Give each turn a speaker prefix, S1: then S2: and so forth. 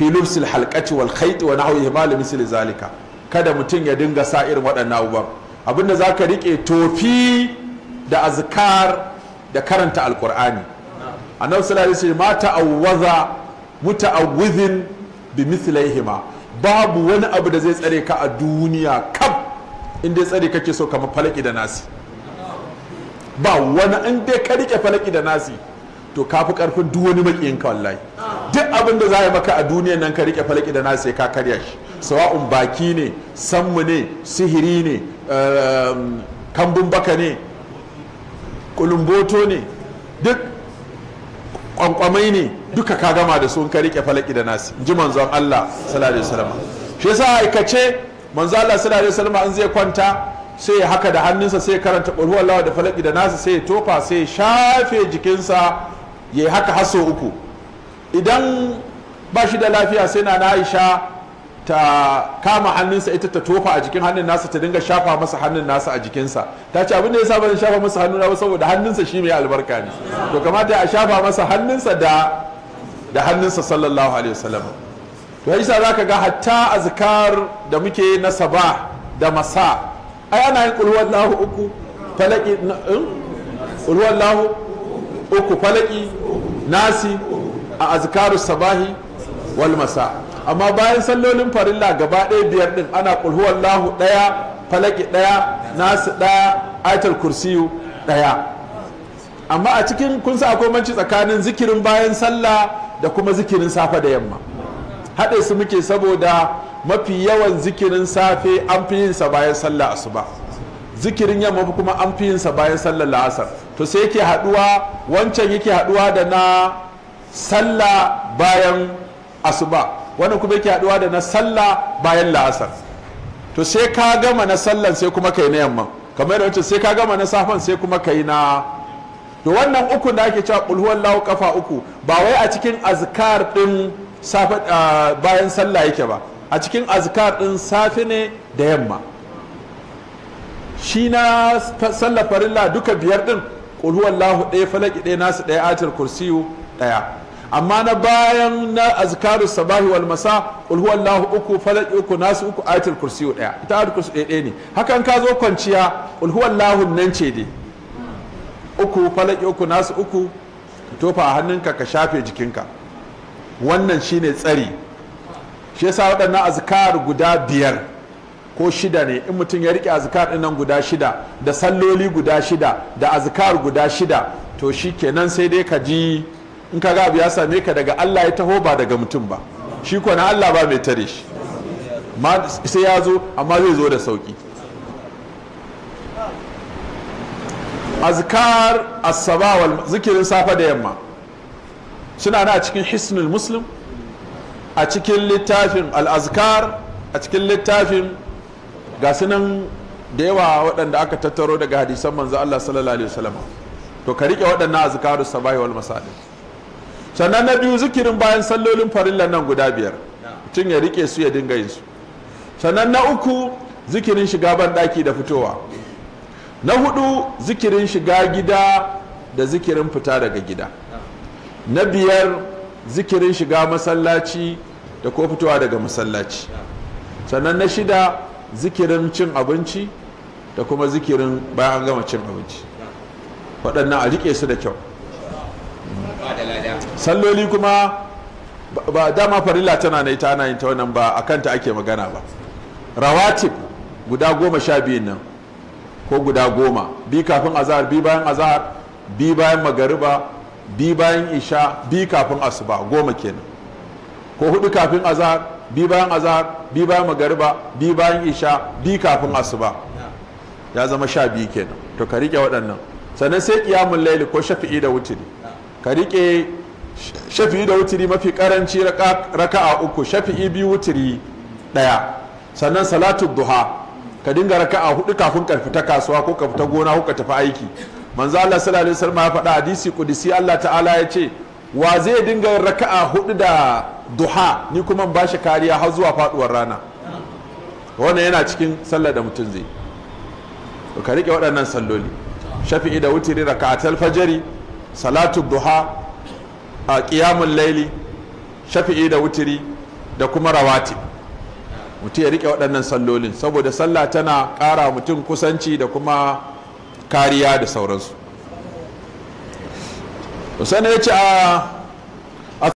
S1: filubsil halkaci wal khayt wa nahwihi ma misli zalika kada mutum ya dinga sa irin waɗannan abubuwan abinda zaka rike tofi da azkar da karanta alqur'ani annabi sallallahu alaihi wasallam ma muta'awwidhin bi mithlaihima babu wani abu da zai tsare ka a duniya kab in dai tsare kake so kamar falaki da nasi ba wani in dai ka rike falaki da nasi to kafi karfin duk wani makiyinka wallahi duk abin da za a yi maka a duniyan nan ka rike falaki da nasi ka karya shi sawa'un baki ne sammu ne sihiri ne ehm, kambun baka ne kulumboto ne duk kwankwamai ne duka ka gama da su ka rike falaki da nasi ji manzon Allah sallallahu alaihi wasallam shi aikace Allah an zai kwanta sai ya haka da hannunsa sai ya karanta qul lawa da falaki da nasi sai ya tofa sai ya shafe jikinsa ya haka haso uku idan ba shi da lafiya sai na aisha ta kama hannunsa ita ta tofa a jikin hannun nasa ta dinga shafa masa hannun nasa a jikinsa ta ce abin da ya sa ban shafa masa hannuna ba saboda hannunsa shi mai albarka ne to kamata a shafa masa hannunsa da da hannunsa sallallahu alaihi wasallam to yasa ka ga hatta azkar da muke na saba da masa ai ana yin kulhuwar lahu uku falaki lahu uku falaki nasi a azkaru sabahi wal masa amma bayan sallolin farilla gaba ɗaya biyar ɗin ana kulhuwar lahu ɗaya falaki ɗaya nasu ɗaya aitar kursiyu ɗaya amma a cikin kun sa akwai manci tsakanin zikirin bayan sallah da kuma zikirin safe da yamma haɗe su muke saboda mafi yawan zikirin safe an fi yinsa bayan sallah asuba zikirin yamma kuma an fi yinsa bayan sallar la'asar to sai yake haɗuwa wancan yake haɗuwa da na sallah bayan asuba wani kuma yake haduwa da na sallah bayan la'asar to sai ka gama na sallan sai kuma kai na yamma kamar yadda wancan sai ka gama na safan sai kuma kai na to wannan uku da ake cewa kulhuwan lawo kafa uku ba wai a cikin azkar din bayan sallah yake ba a cikin azkar din safi ne da yamma shi na sallah farilla duka biyar din kulhuwan lahu ɗaya falaki ɗaya nasu ɗaya atar kursiyu ɗaya amma na bayan na azkaru sabahi wal masa qul wallahu uku falaq uku nasu uku ayatul kursi ɗaya ita ayatul kursi ɗaya ne hakan ka zo kwanciya qul wallahu nan ce dai uku falaq uku nasu uku tofa a hannunka ka shafe jikinka wannan shine tsari shi yasa waɗannan azkar guda biyar ko shida ne in mutum ya rike azkar ɗin nan guda shida da salloli guda shida da azkar guda shida to shi kenan sai dai ka ji in ka ga abu ya same ka daga Allah ya taho ba daga mutum ba shi ko na Allah ba mai tare shi sai ya zo amma zai zo da sauki azkar as zikirin safa da yamma suna na cikin hisnul muslim a cikin littafin al-azkar a cikin littafin gasunan da yawa waɗanda aka tattaro daga hadisan manzo Allah sallallahu alaihi wasallam to ka rike waɗannan azkarus sabahi wal masalih sannan na biyu zikirin bayan sallolin farillan nan guda biyar mutum ya rike su ya dinga yin su sannan na uku zikirin shiga ban daki da fitowa na hudu zikirin shiga gida da zikirin fita daga gida na biyar zikirin shiga masallaci da ko fitowa daga masallaci sannan na shida zikirin cin abinci da kuma zikirin bayan gama cin abinci waɗannan a rike su da kyau salloli kuma ba dama farilla tana na ita ana yin ta wannan ba a kanta ake magana ba rawatib guda goma sha biyun nan ko guda goma bi kafin azahar bi bayan azahar bi bayan magariba bi bayan isha bi kafin asuba goma kenan ko hudu kafin azahar bi bayan azahar bi bayan magariba bi bayan isha bi kafin asuba ya zama sha biyu kenan to ka rike waɗannan sannan sai kiyamun laili ko shafi'i da wuturi ka rike shafi'i da wuturi mafi karanci raka'a uku shafi'i biyu wuturi daya sannan salatu duha ka dinga raka'a hudu kafin ka fita kasuwa ko ka fita gona ko ka tafi aiki manzo Allah sallallahu alaihi wasallam ya faɗa hadisi kudisi Allah ta'ala ya ce wa zai dinga raka'a hudu da duha ni kuma ba shi kariya har zuwa faduwar rana wannan yana cikin sallar da mutum zai ka rike waɗannan salloli shafi'i da wuturi raka'atul fajri salatu duha a ƙiyamun laili shafi'i da wutiri da kuma rawati mutum ya rike waɗannan sallolin saboda sallah tana ƙara mutum kusanci da kuma kariya da sauransu sannan ya ce a ah,